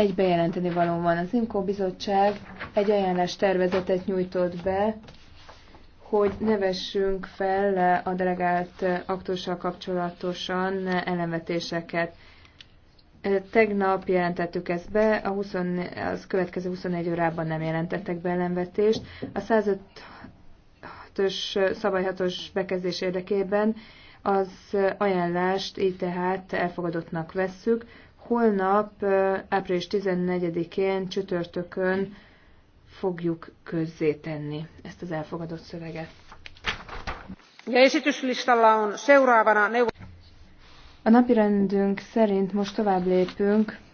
Egy bejelenteni való van. Az INKO bizottság egy ajánlás tervezetet nyújtott be, hogy nevessünk fel a delegált aktussal kapcsolatosan elemetéseket. Tegnap jelentettük ezt be, a 20, az következő 24 órában nem jelentettek be ellenvetést. A 105-ös szabályhatos bekezdés érdekében az ajánlást így tehát elfogadottnak vesszük holnap, április 14-én, csütörtökön fogjuk közzétenni ezt az elfogadott szöveget. A napirendünk szerint most tovább lépünk